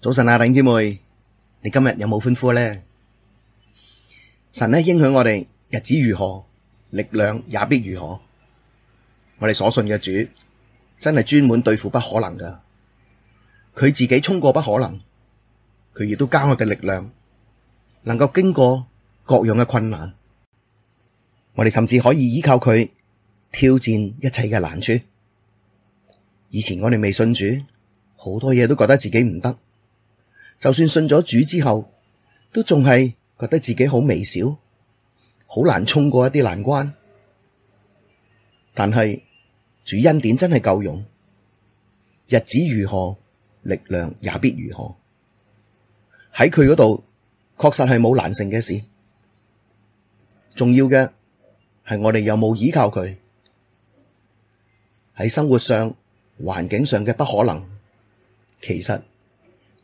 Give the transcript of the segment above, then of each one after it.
早晨啊，弟姐妹，你今日有冇歡呼呢？神呢，應許我哋日子如何，力量也必如何。我哋所信嘅主真係專門對付不可能噶，佢自己衝過不可能，佢亦都加我嘅力量，能夠經過各樣嘅困難。我哋甚至可以依靠佢挑戰一切嘅難處。以前我哋未信主，好多嘢都覺得自己唔得。就算信咗主之後，都仲係覺得自己好微小，好難衝過一啲難關。但係主恩典真係夠用，日子如何，力量也必如何。喺佢嗰度，確實係冇難成嘅事。重要嘅係我哋有冇依靠佢。喺生活上、環境上嘅不可能，其實。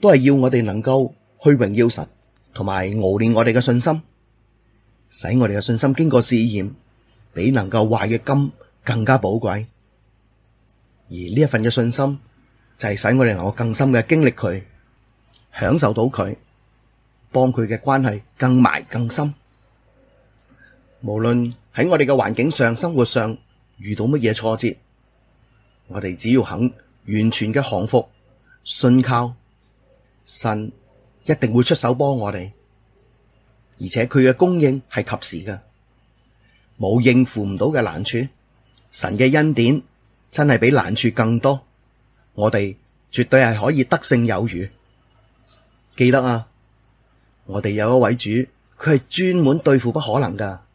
都係要我哋能夠去榮耀神，同埋熬練我哋嘅信心，使我哋嘅信心經過試驗，比能夠壞嘅金更加寶貴。而呢一份嘅信心，就係、是、使我哋能夠更深嘅經歷佢，享受到佢，幫佢嘅關係更埋更深。無論喺我哋嘅環境上、生活上遇到乜嘢挫折，我哋只要肯完全嘅降服、信靠。神一定會出手幫我哋，而且佢嘅供應係及時㗎，冇應付唔到嘅難處。神嘅恩典真係比難處更多，我哋絕對係可以得勝有餘。記得啊，我哋有一位主，佢係專門對付不可能噶。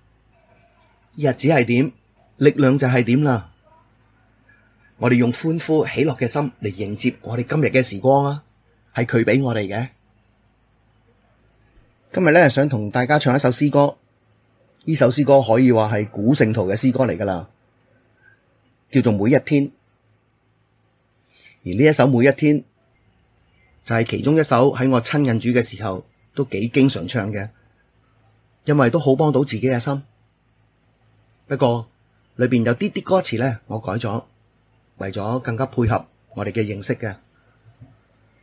日子係點，力量就係點啦。我哋用歡呼喜樂嘅心嚟迎接我哋今日嘅時光啊！係佢俾我哋嘅。今日咧，想同大家唱一首詩歌。呢首詩歌可以話係古聖徒嘅詩歌嚟噶啦，叫做每一天。而呢一首每一天，就係其中一首喺我親近主嘅時候都幾經常唱嘅，因為都好幫到自己嘅心。不過裏邊有啲啲歌詞咧，我改咗，為咗更加配合我哋嘅認識嘅。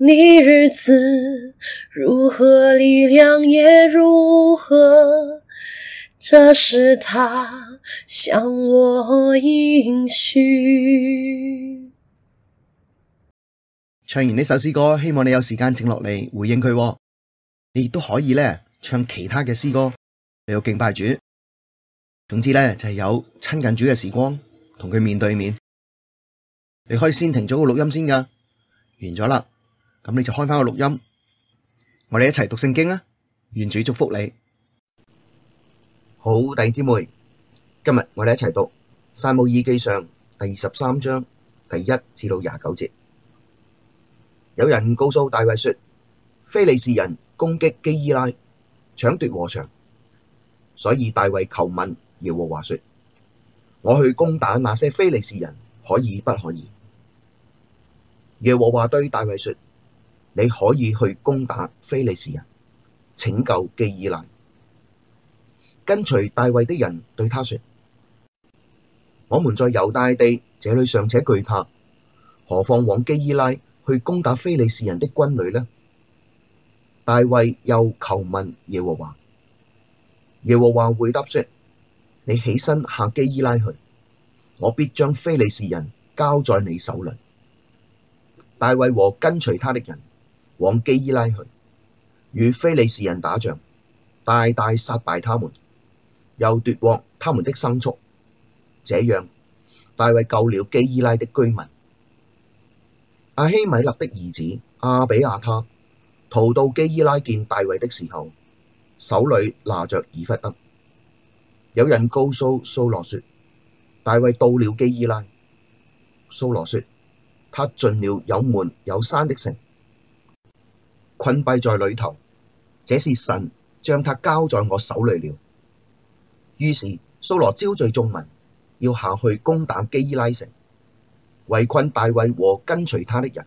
你日子如何，力量也如何，這是他向我應許。唱完呢首詩歌，希望你有時間靜落嚟回應佢、哦。你亦都可以咧唱其他嘅詩歌嚟到敬拜主。總之咧就係、是、有親近主嘅時光，同佢面對面。你可以先停咗個錄音先㗎，完咗啦。咁你就開翻個錄音，我哋一齊讀聖經啊！願主祝福你，好弟兄姊妹。今日我哋一齊讀《撒母耳記上》第二十三章第一至到廿九節。有人告訴大衛說，非利士人攻擊基伊拉，搶奪禾場，所以大衛求問耶和華說：我去攻打那些非利士人，可以不可以？耶和華對大衛說。你可以去攻打非利士人，拯救基伊拉。跟隨大衛的人對他說：我們在猶大地，這裡尚且懼怕，何況往基伊拉去攻打非利士人的軍旅呢？大衛又求問耶和華，耶和華回答說：你起身下基伊拉去，我必將非利士人交在你手裡。大衛和跟隨他的人。往基伊拉去，與非利士人打仗，大大殺敗他們，又奪獲他們的牲畜。這樣，大衛救了基伊拉的居民。亞希米勒的兒子亞比亞他逃到基伊拉見大衛的時候，手裡拿着以弗得。有人告訴掃羅說，大衛到了基伊拉。掃羅說，他進了有門有閂的城。困閉在裏頭，這是神將他交在我手裏了。於是掃羅招聚眾民，要下去攻打基伊拉城，圍困大衛和跟隨他的人。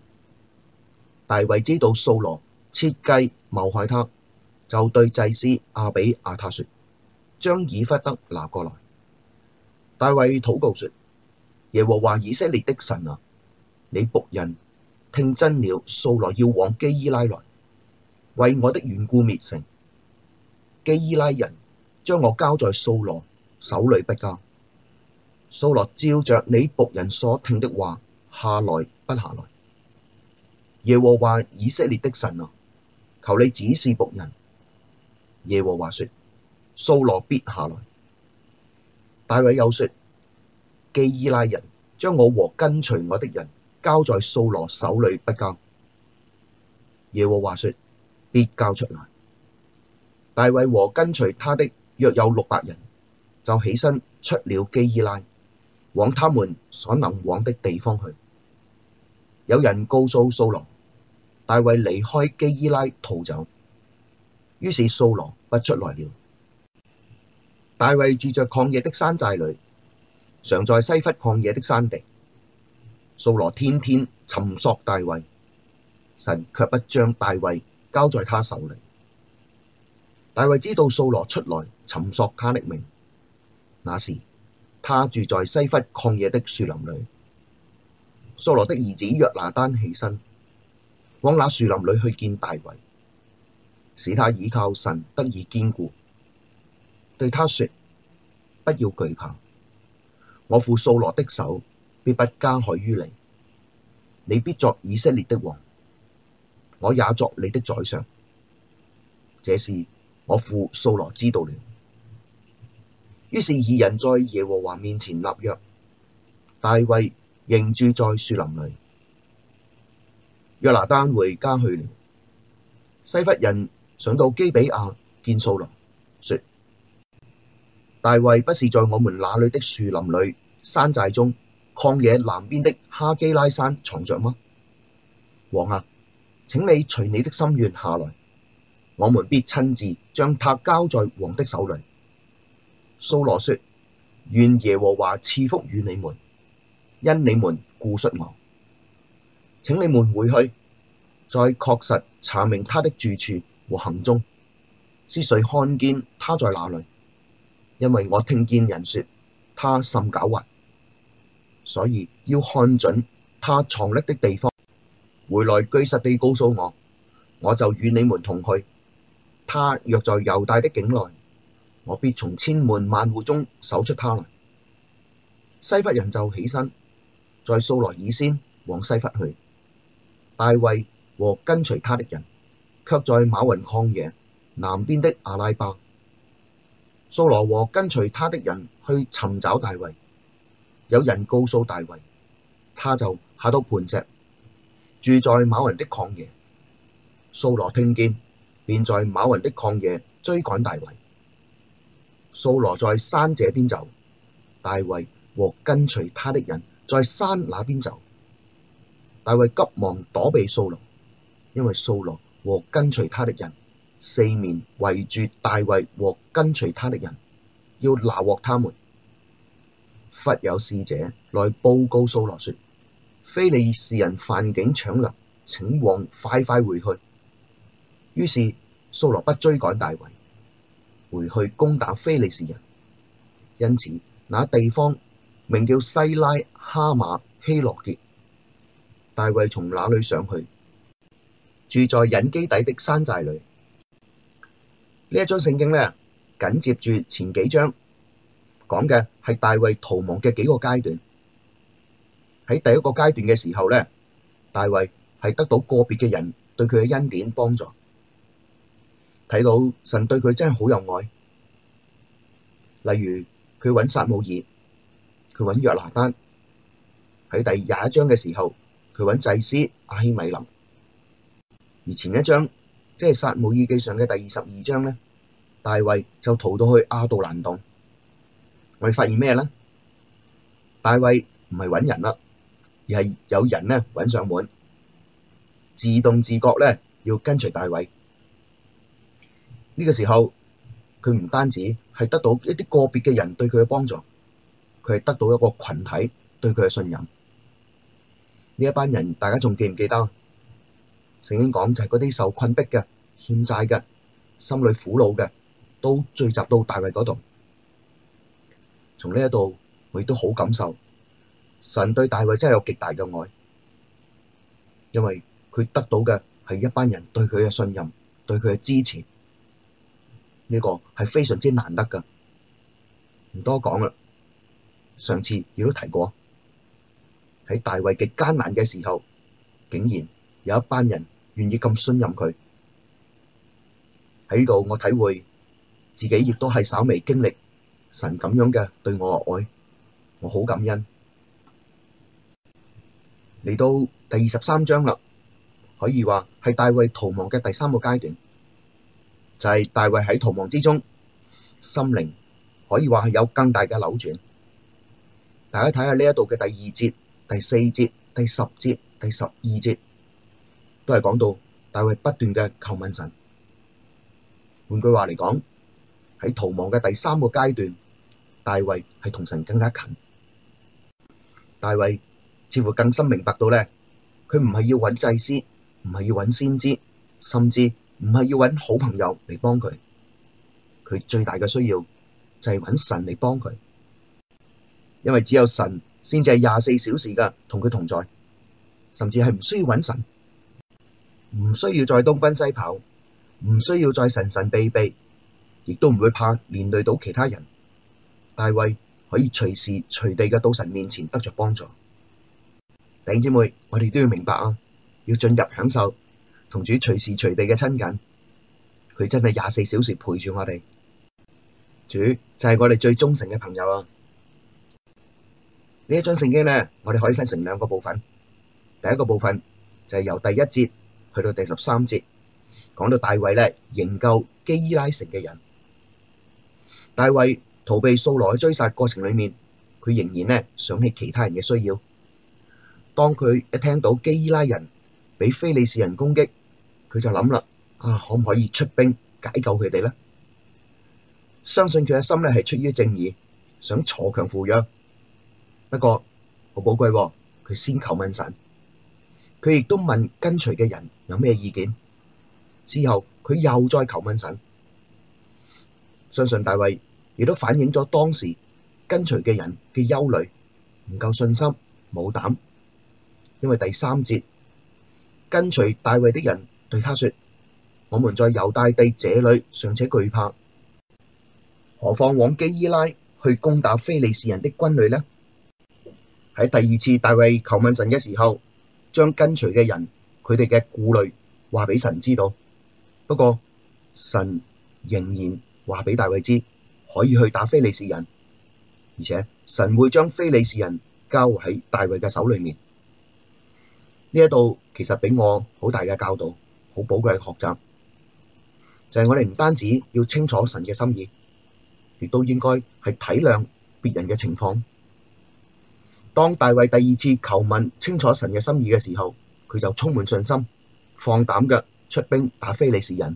大衛知道掃羅設計謀害他，就對祭司亞比亞他說：將以弗得拿過來。大衛禱告說：耶和華以色列的神啊，你僕人聽真了，掃羅要往基伊拉來。為我的緣故滅城，基伊拉人將我交在掃羅手裡不交。掃羅照着你僕人所聽的話下來不下來。耶和華以色列的神啊，求你指示僕人。耶和華說：掃羅必下來。大衛又說：基伊拉人將我和跟隨我的人交在掃羅手裡不交。耶和華說。必交出嚟。大衛和跟隨他的約有六百人，就起身出了基伊拉，往他們所能往的地方去。有人告訴掃羅，大衛離開基伊拉逃走，於是掃羅不出來了。大衛住在曠野的山寨裡，常在西弗曠野的山地。掃羅天天尋索大衛，神却不將大衛。交在他手裏。大衛知道掃羅出來尋索他的命，那時他住在西弗曠野的樹林裏。掃羅的兒子約拿單起身，往那樹林裏去見大衛，使他倚靠神得以堅固。對他說：不要懼怕，我父掃羅的手必不加害於你，你必作以色列的王。我也作你的宰相，這事我父掃羅知道了。於是二人在耶和華面前立約，大衛仍住在樹林裏。約拿單回家去了。西弗人上到基比亞見掃羅，說：大衛不是在我們那裏的樹林裏、山寨中、曠野南邊的哈基拉山藏着嗎？王啊！請你隨你的心願下來，我們必親自將他交在王的手裡。掃羅說：願耶和華賜福與你們，因你們顧恤我。請你們回去，再確實查明他的住處和行蹤，是誰看見他在哪裡？因為我聽見人說他甚狡猾，所以要看準他藏匿的地方。回來，居實地告訴我，我就與你們同去。他若在猶大的境內，我必從千門萬戶中搜出他來。西弗人就起身，在素來以先往西弗去。大衛和跟隨他的人，却在馬雲曠野南邊的阿拉巴。素羅和跟隨他的人去尋找大衛，有人告訴大衛，他就下到磐石。住在瑪雲的曠野，掃羅聽見，便在瑪雲的曠野追趕大衛。掃羅在山這邊走，大衛和跟隨他的人在山那邊走。大衛急忙躲避掃羅，因為掃羅和跟隨他的人四面圍住大衛和跟隨他的人，要拿獲他們。忽有使者來報告掃羅說。非利士人犯境搶掠，請王快快回去。於是掃羅不追趕大衛，回去攻打非利士人。因此，那地方名叫西拉哈馬希羅結。大衛從那裏上去，住在隱基底的山寨裏。這一張聖呢一張聖經咧，緊接住前幾章講嘅係大衛逃亡嘅幾個階段。喺第一個階段嘅時候咧，大衛係得到個別嘅人對佢嘅恩典幫助，睇到神對佢真係好有愛。例如佢揾撒母耳，佢揾約拿單，喺第二十一章嘅時候，佢揾祭司亞希米勒。而前一章即係撒母耳記上嘅第二十二章咧，大衛就逃到去亞道蘭洞。我哋發現咩咧？大衛唔係揾人啦。而係有人呢搵上門，自動自覺呢要跟隨大衛。呢個時候佢唔單止係得到一啲個別嘅人對佢嘅幫助，佢係得到一個群體對佢嘅信任。呢一班人大家仲記唔記得？聖經講就係嗰啲受困逼嘅、欠債嘅、心裏苦惱嘅，都聚集到大衛嗰度。從呢一度我亦都好感受。神對大衛真係有極大嘅愛，因為佢得到嘅係一班人對佢嘅信任，對佢嘅支持，呢個係非常之難得噶。唔多講啦，上次亦都提過喺大衛極艱難嘅時候，竟然有一班人願意咁信任佢喺度。我體會自己亦都係稍微經歷神咁樣嘅對我嘅愛，我好感恩。嚟到第二十三章啦，可以話係大衛逃亡嘅第三個階段，就係大衛喺逃亡之中，心靈可以話係有更大嘅扭轉。大家睇下呢一度嘅第二節、第四節、第十節、第十二節，都係講到大衛不斷嘅求問神。換句話嚟講，喺逃亡嘅第三個階段，大衛係同神更加近。大衛，似乎更深明白到咧，佢唔係要揾祭司，唔係要揾先知，甚至唔係要揾好朋友嚟幫佢。佢最大嘅需要就係揾神嚟幫佢，因為只有神先至係廿四小時噶同佢同在，甚至係唔需要揾神，唔需要再東奔西跑，唔需要再神神秘秘，亦都唔會怕連累到其他人。大衛可以隨時隨地嘅到神面前得着幫助。弟姐妹，我哋都要明白啊！要進入享受同主隨時隨地嘅親近，佢真係廿四小時陪住我哋。主就係我哋最忠誠嘅朋友啊！呢一章聖經咧，我哋可以分成兩個部分。第一個部分就係由第一節去到第十三節，講到大衛咧營救基伊拉城嘅人。大衛逃避掃羅追殺過程裏面，佢仍然咧想起其他人嘅需要。當佢一聽到基伊拉人畀非利士人攻擊，佢就諗啦：啊，可唔可以出兵解救佢哋呢？相信佢嘅心咧係出於正義，想鋤強扶弱。不過好寶貴，佢先求問神，佢亦都問跟隨嘅人有咩意見。之後佢又再求問神。相信大衛亦都反映咗當時跟隨嘅人嘅憂慮，唔夠信心，冇膽。因為第三節，跟隨大衛的人對他說：我們在猶大帝猶大地這裏尚且懼怕，何況往基伊拉去攻打非利士人的軍旅呢？喺第二次大衛求問神嘅時候，將跟隨嘅人佢哋嘅顧慮話俾神知道，不過神仍然話俾大衛知可以去打非利士人，而且神會將非利士人交喺大衛嘅手裏面。呢一度其實畀我好大嘅教導，好寶貴嘅學習，就係我哋唔單止要清楚神嘅心意，亦都應該係體諒別人嘅情況。當大衛第二次求問清楚神嘅心意嘅時候，佢就充滿信心，放膽嘅出兵打非利士人，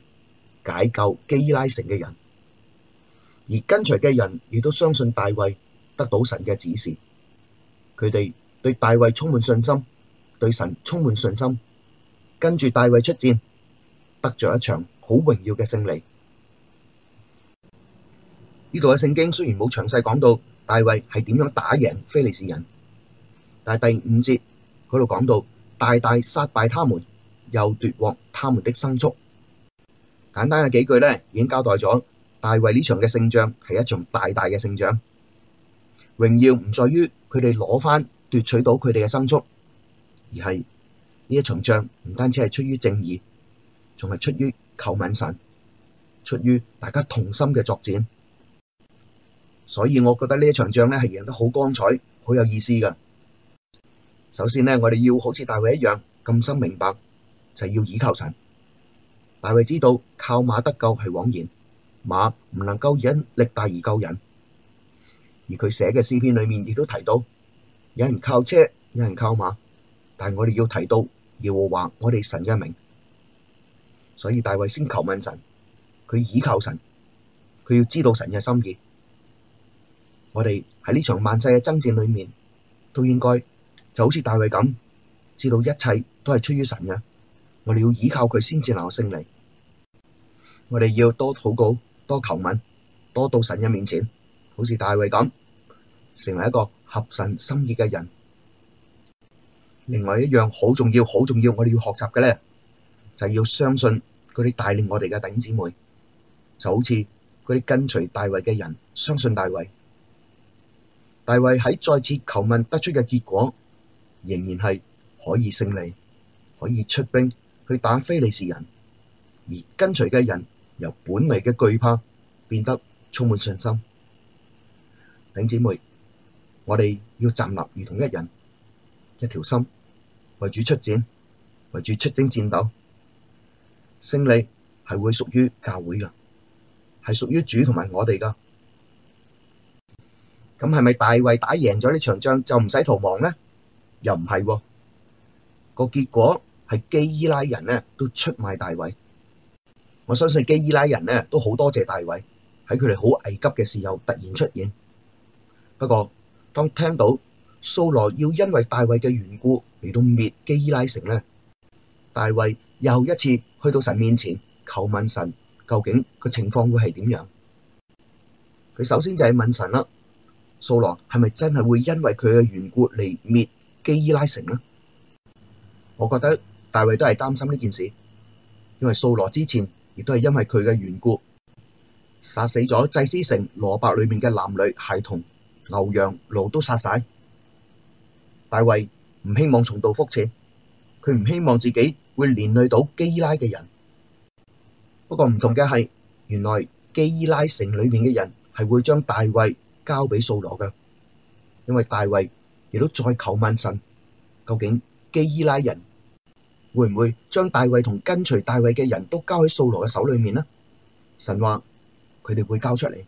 解救基拉城嘅人，而跟隨嘅人亦都相信大衛得到神嘅指示，佢哋對大衛充滿信心。對神充滿信心，跟住大衛出戰，得咗一場好榮耀嘅勝利。呢度嘅聖經雖然冇詳細講到大衛係點樣打贏非利士人，但係第五節佢度講到大大殺敗他們，又奪獲他們的牲畜。簡單嘅幾句咧，已經交代咗大衛呢場嘅勝仗係一場大大嘅勝仗。榮耀唔在於佢哋攞翻奪取到佢哋嘅牲畜。而係呢一場仗，唔單止係出於正義，仲係出於求問神，出於大家同心嘅作戰。所以我覺得呢一場仗咧係贏得好光彩、好有意思㗎。首先呢，我哋要好似大衛一樣，咁深明白就係、是、要倚靠神。大衛知道靠馬得救係枉然，馬唔能夠因力大而救人。而佢寫嘅詩篇裡面亦都提到，有人靠車，有人靠馬。但係我哋要提到，耶和華我哋神嘅名，所以大衛先求問神，佢倚靠神，佢要知道神嘅心意。我哋喺呢場萬世嘅爭戰裡面，都應該就好似大衛咁，知道一切都係出於神嘅，我哋要依靠佢先至能夠勝利。我哋要多禱告，多求問，多到神嘅面前，好似大衛咁，成為一個合神心意嘅人。另外一樣好重要、好重要，我哋要學習嘅咧，就係、是、要相信佢哋帶領我哋嘅頂姊妹，就好似佢哋跟隨大衛嘅人相信大衛。大衛喺再次求問得出嘅結果，仍然係可以勝利，可以出兵去打非利士人，而跟隨嘅人由本嚟嘅懼怕變得充滿信心。頂姊妹，我哋要站立如同一人。一條心，為主出戰，為主出征戰鬥，勝利係會屬於教會嘅，係屬於主同埋我哋噶。咁係咪大衛打贏咗呢場仗就唔使逃亡呢？又唔係喎。個結果係基伊拉人呢都出賣大衛。我相信基伊拉人呢都好多謝大衛喺佢哋好危急嘅時候突然出現。不過當聽到，掃羅要因為大衛嘅緣故嚟到滅基伊拉城呢，大衛又一次去到神面前求問神，究竟個情況會係點樣？佢首先就係問神啦，掃羅係咪真係會因為佢嘅緣故嚟滅基伊拉城呢？我覺得大衛都係擔心呢件事，因為掃羅之前亦都係因為佢嘅緣故殺死咗祭司城挪伯裏面嘅男女孩童，牛羊殺，驢都殺曬。大衛唔希望重蹈覆轍，佢唔希望自己會連累到基伊拉嘅人。不過唔同嘅係，原來基伊拉城裏面嘅人係會將大衛交俾掃羅噶，因為大衛亦都再求問神，究竟基伊拉人會唔會將大衛同跟隨大衛嘅人都交喺掃羅嘅手裏面呢？神話佢哋會交出嚟，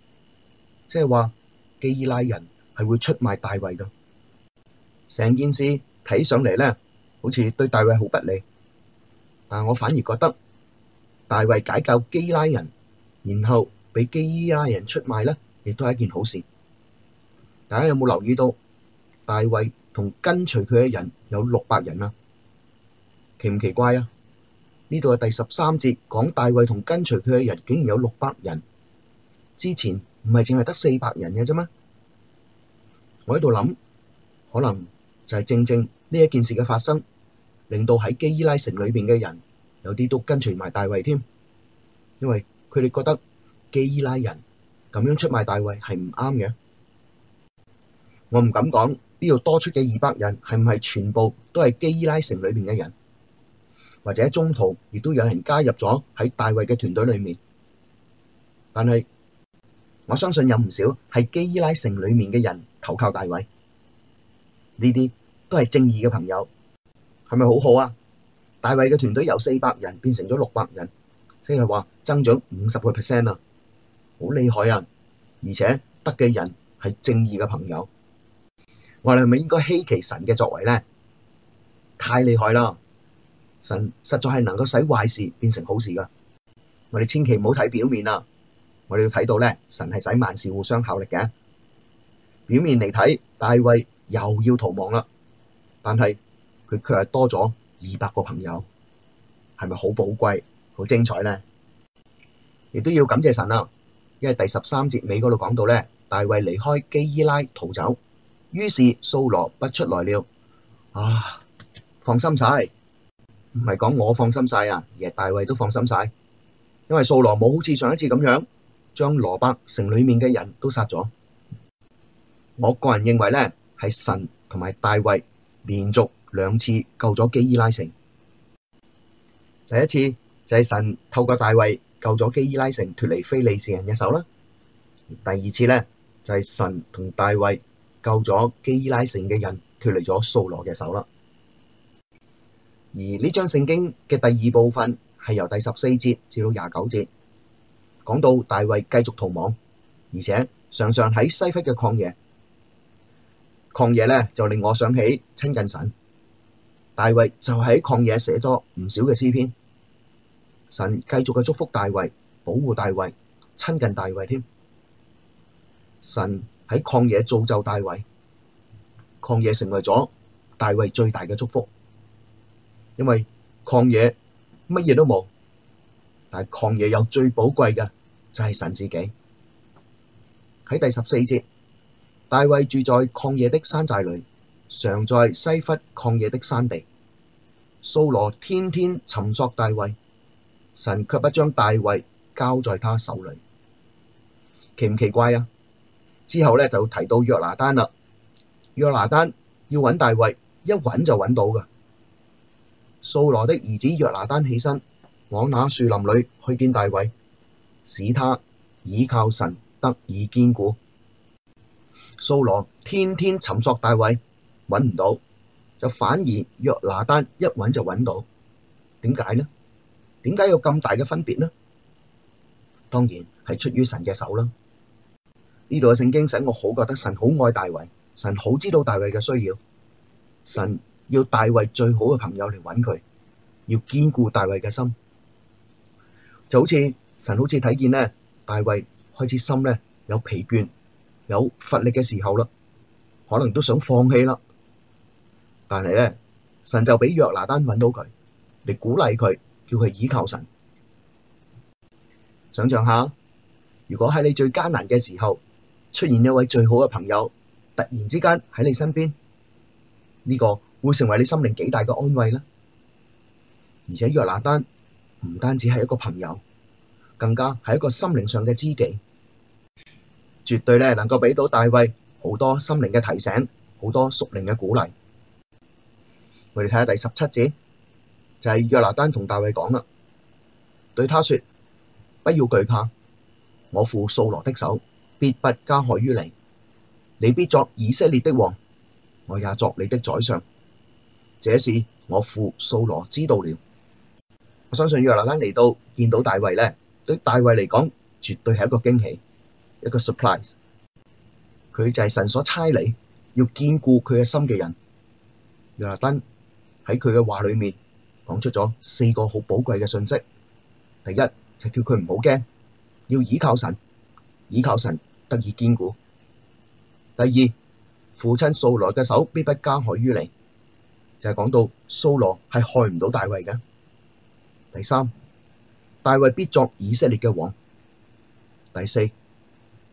即係話基伊拉人係會出賣大衛噶。成件事睇上嚟咧，好似對大衛好不利，但我反而覺得大衛解救基拉人，然後畀基拉人出賣咧，亦都係一件好事。大家有冇留意到大衛同跟隨佢嘅人有六百人啊？奇唔奇怪啊？呢度嘅第十三節講大衛同跟隨佢嘅人竟然有六百人，之前唔係淨係得四百人嘅啫嗎？我喺度諗，可能。就係正正呢一件事嘅發生，令到喺基伊拉城裏面嘅人有啲都跟隨埋大衛添，因為佢哋覺得基伊拉人咁樣出賣大衛係唔啱嘅。我唔敢講呢度多出嘅二百人係唔係全部都係基伊拉城裏面嘅人，或者中途亦都有人加入咗喺大衛嘅團隊裏面。但係我相信有唔少係基伊拉城裏面嘅人投靠大衛。呢啲都係正義嘅朋友，係咪好好啊？大衛嘅團隊由四百人變成咗六百人，即係話增長五十個 percent 啊，好厲害啊！而且得嘅人係正義嘅朋友，我哋係咪應該稀奇神嘅作為咧？太厲害啦！神實在係能夠使壞事變成好事噶。我哋千祈唔好睇表面啊！我哋要睇到咧，神係使萬事互相效力嘅。表面嚟睇，大衛又要逃亡啦，但係佢卻係多咗二百個朋友，係咪好寶貴、好精彩呢？亦都要感謝神啊，因為第十三節尾嗰度講到咧，大衛離開基伊拉逃走，於是掃羅不出來了啊。放心晒，唔係講我放心晒啊，而係大衛都放心晒，因為掃羅冇好似上一次咁樣將羅伯城裏面嘅人都殺咗。我個人認為咧。係神同埋大衛連續兩次救咗基伊拉城。第一次就係神透過大衛救咗基伊拉城脫離非利士人嘅手啦。第二次咧就係神同大衛救咗基伊拉城嘅人脫離咗掃羅嘅手啦。而呢章聖經嘅第二部分係由第十四節至到廿九節，講到大衛繼續逃亡，而且常常喺西弗嘅曠野。曠野咧就令我想起親近神，大衛就喺曠野寫咗唔少嘅詩篇，神繼續嘅祝福大衛，保護大衛，親近大衛添。神喺曠野造就大衛，曠野成為咗大衛最大嘅祝福，因為曠野乜嘢都冇，但係曠野有最寶貴嘅就係神自己。喺第十四節。大衛住在曠野的山寨裡，常在西弗曠野的山地。掃羅天天尋索大衛，神卻不將大衛交在他手裡，奇唔奇怪啊？之後呢，就提到約拿單啦，約拿單要搵大衛，一搵就搵到噶。掃羅的兒子約拿單起身，往那樹林裡去見大衛，使他倚靠神得以堅固。掃羅天天尋索大衛，揾唔到就反而約拿單一揾就揾到點解呢？點解有咁大嘅分別呢？當然係出於神嘅手啦。呢度嘅聖經使我好覺得神好愛大衛，神好知道大衛嘅需要，神要大衛最好嘅朋友嚟揾佢，要堅固大衛嘅心。就好似神好似睇見呢，大衛開始心呢有疲倦，有乏力嘅時候啦，可能都想放棄啦，但係咧，神就俾約拿單揾到佢，嚟鼓勵佢，叫佢倚靠神。想象下，如果喺你最艱難嘅時候，出現一位最好嘅朋友，突然之間喺你身邊，呢個會成為你心靈幾大嘅安慰啦。而且約拿單唔單止係一個朋友，更加係一個心靈上嘅知己。絕對咧，能夠畀到大衛好多心靈嘅提醒，好多屬靈嘅鼓勵。我哋睇下第十七節，就係、是、約拿單同大衛講啦，對他說：不要懼怕，我父掃羅的手必不加害於你，你必作以色列的王，我也作你的宰相。這事我父掃羅知道了。我相信約拿單嚟到見到大衛咧，對大衛嚟講絕對係一個驚喜。一個 surprise，佢就係神所差嚟，要堅固佢嘅心嘅人。約拿單喺佢嘅話裏面講出咗四個好寶貴嘅信息。第一就是、叫佢唔好驚，要倚靠神，倚靠神得以堅固。第二，父親掃羅嘅手必不加害於你，就係、是、講到掃羅係害唔到大衛嘅。第三，大衛必作以色列嘅王。第四。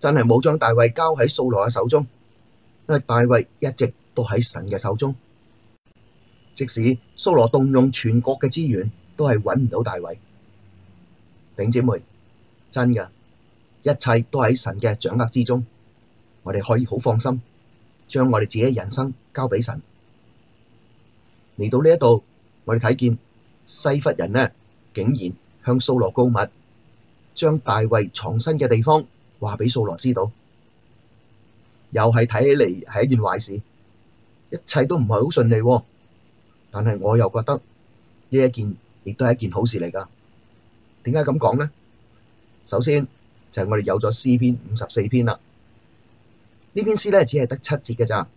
真係冇將大衛交喺掃羅嘅手中，因為大衛一直都喺神嘅手中。即使掃羅動用全國嘅資源，都係搵唔到大衛。弟兄姊妹，真㗎，一切都喺神嘅掌握之中。我哋可以好放心，將我哋自己人生交俾神。嚟到呢一度，我哋睇見西弗人呢，竟然向掃羅告密，將大衛藏身嘅地方。話俾掃羅知道，又係睇起嚟係一件壞事，一切都唔係好順利。但係我又覺得呢一件亦都係一件好事嚟噶。點解咁講呢？首先就係我哋有咗詩篇五十四篇啦。呢篇詩咧只係得七節嘅咋，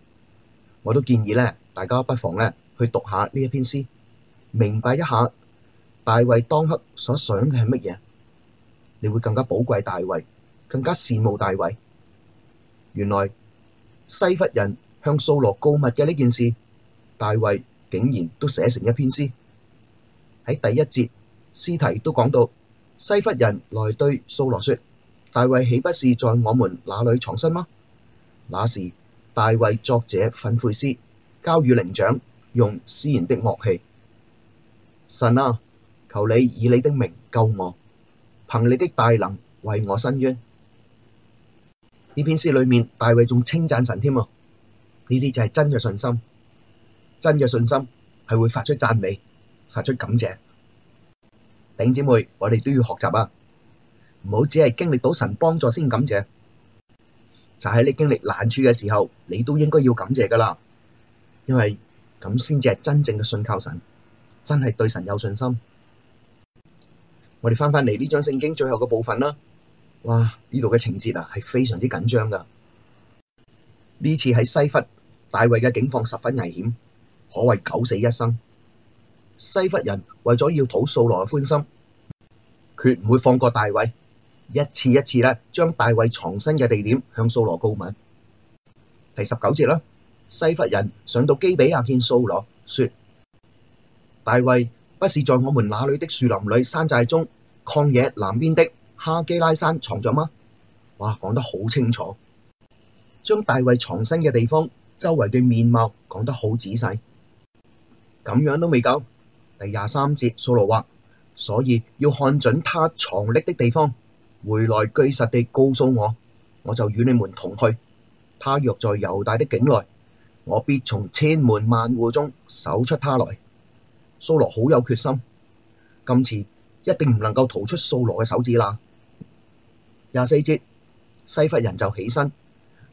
我都建議咧大家不妨咧去讀下呢一篇詩，明白一下大衛當刻所想嘅係乜嘢，你會更加寶貴大衛。更加羨慕大衞。原來西弗人向掃羅告密嘅呢件事，大衞竟然都寫成一篇詩。喺第一節詩題都講到西弗人來對掃羅説：大衞豈不是在我們那裏藏身嗎？那時大衞作者訓誨詩，交與伶長用絲弦的樂器。神啊，求你以你的名救我，憑你的大能為我伸冤。呢篇詩裏面，大衛仲稱讚神添啊！呢啲就係真嘅信心，真嘅信心係會發出讚美、發出感謝。頂姐妹，我哋都要學習啊！唔好只係經歷到神幫助先感謝，就喺、是、你經歷難處嘅時候，你都應該要感謝噶啦，因為咁先至係真正嘅信靠神，真係對神有信心。我哋翻返嚟呢章聖經最後嘅部分啦。哇！呢度嘅情節啊，係非常之緊張噶。呢次喺西弗大衛嘅境況十分危險，可謂九死一生。西弗人為咗要討掃羅嘅歡心，決唔會放過大衛，一次一次咧將大衛藏身嘅地點向掃羅告密。第十九節啦，西弗人上到基比亞見掃羅，說：大衛不是在我們那裡的樹林裡、山寨中、曠野南邊的？哈基拉山藏著嗎？哇，講得好清楚，將大衛藏身嘅地方周圍嘅面貌講得好仔細，咁樣都未夠。第廿三節，掃羅話：所以要看準他藏匿的地方，回來據實地告訴我，我就與你們同去。他若在猶大的境內，我必從千門萬戶中搜出他來。掃羅好有決心，今次一定唔能夠逃出掃羅嘅手指啦。廿四節，西弗人就起身，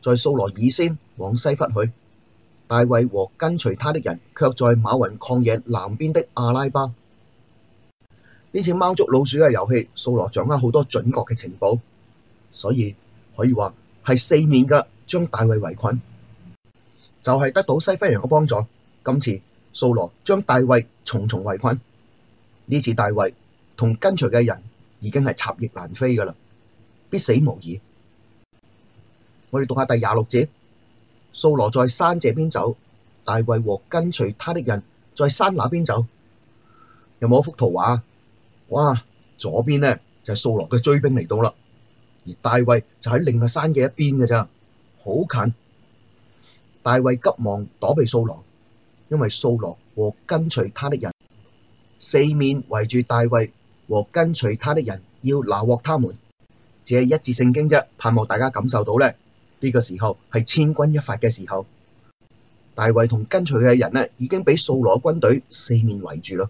在掃羅以先往西弗去。大衛和跟隨他的人，卻在瑪雲曠野南邊的亞拉巴。呢次貓捉老鼠嘅遊戲，掃羅掌握好多準確嘅情報，所以可以話係四面嘅將大衛圍困。就係、是、得到西弗人嘅幫助，今次掃羅將大衛重重圍困。呢次大衛同跟隨嘅人，已經係插翼難飛噶啦。必死無疑。我哋讀下第廿六節：，掃羅在山這邊走，大衛和跟隨他的人在山那邊走。有冇一幅圖畫？哇，左邊呢，就係、是、掃羅嘅追兵嚟到啦，而大衛就喺另外山嘅一邊嘅咋。好近。大衛急忙躲避掃羅，因為掃羅和跟隨他的人四面圍住大衛和跟隨他的人，要拿獲他們。只係一致聖經啫，盼望大家感受到咧，呢個時候係千鈞一髮嘅時候。大衛同跟隨嘅人咧，已經俾掃羅軍隊四面圍住咯，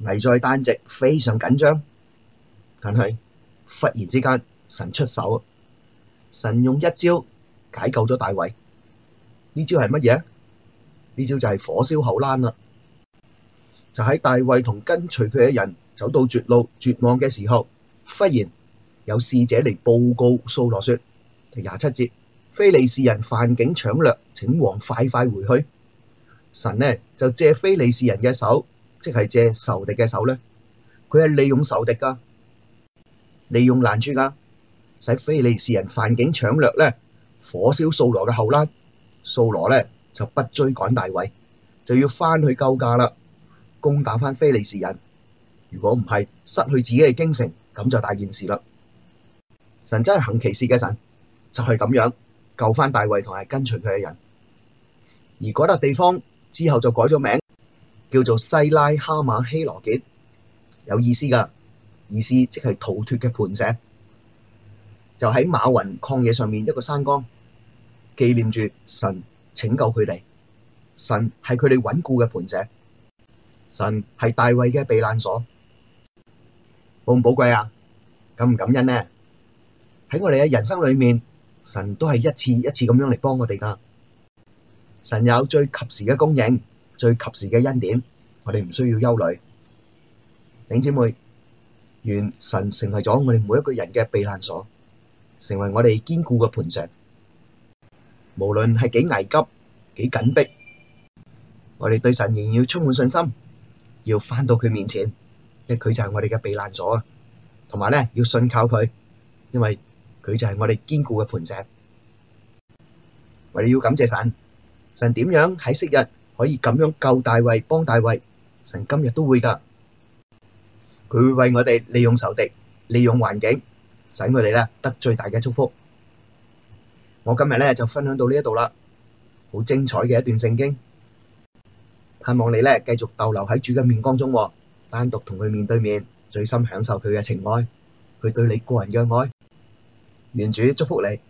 危在旦夕，非常緊張。但係忽然之間神出手，神用一招解救咗大衛。呢招係乜嘢？呢招就係火燒後欄啦，就喺大衛同跟隨佢嘅人走到絕路、絕望嘅時候，忽然。有使者嚟報告掃羅說，第廿七節，非利士人犯境搶掠，請王快快回去。神呢就借非利士人嘅手，即係借仇敵嘅手呢，佢係利用仇敵噶，利用難處噶，使非利士人犯境搶掠呢，火燒掃羅嘅後欄，掃羅呢就不追趕大衛，就要翻去救駕啦，攻打翻非利士人。如果唔係失去自己嘅京城，咁就大件事啦。神真係行奇事嘅神，就係咁樣救翻大衛同係跟隨佢嘅人。而嗰笪地方之後就改咗名，叫做西拉哈馬希羅結，有意思㗎，意思即係逃脱嘅磐石。就喺馬雲曠野上面一個山崗，紀念住神拯救佢哋。神係佢哋穩固嘅磐石，神係大衛嘅避難所，好唔寶貴啊？感唔感恩呢？喺我哋嘅人生裏面，神都係一次一次咁樣嚟幫我哋噶。神有最及時嘅供應，最及時嘅恩典，我哋唔需要憂慮。弟兄姊妹，願神成為咗我哋每一個人嘅避難所，成為我哋堅固嘅磐石。無論係幾危急、幾緊迫，我哋對神仍然要充滿信心，要翻到佢面前，因為佢就係我哋嘅避難所啊。同埋咧，要信靠佢，因為。佢就係我哋堅固嘅磐石，為你要感謝神。神點樣喺昔日可以咁樣救大衛幫大衛，神今日都會噶。佢會為我哋利用仇敵、利用環境，使我哋咧得最大嘅祝福。我今日咧就分享到呢一度啦，好精彩嘅一段聖經。盼望你咧繼續逗留喺主嘅面光中，單獨同佢面對面，最深享受佢嘅情愛，佢對你個人嘅愛。願主祝福你。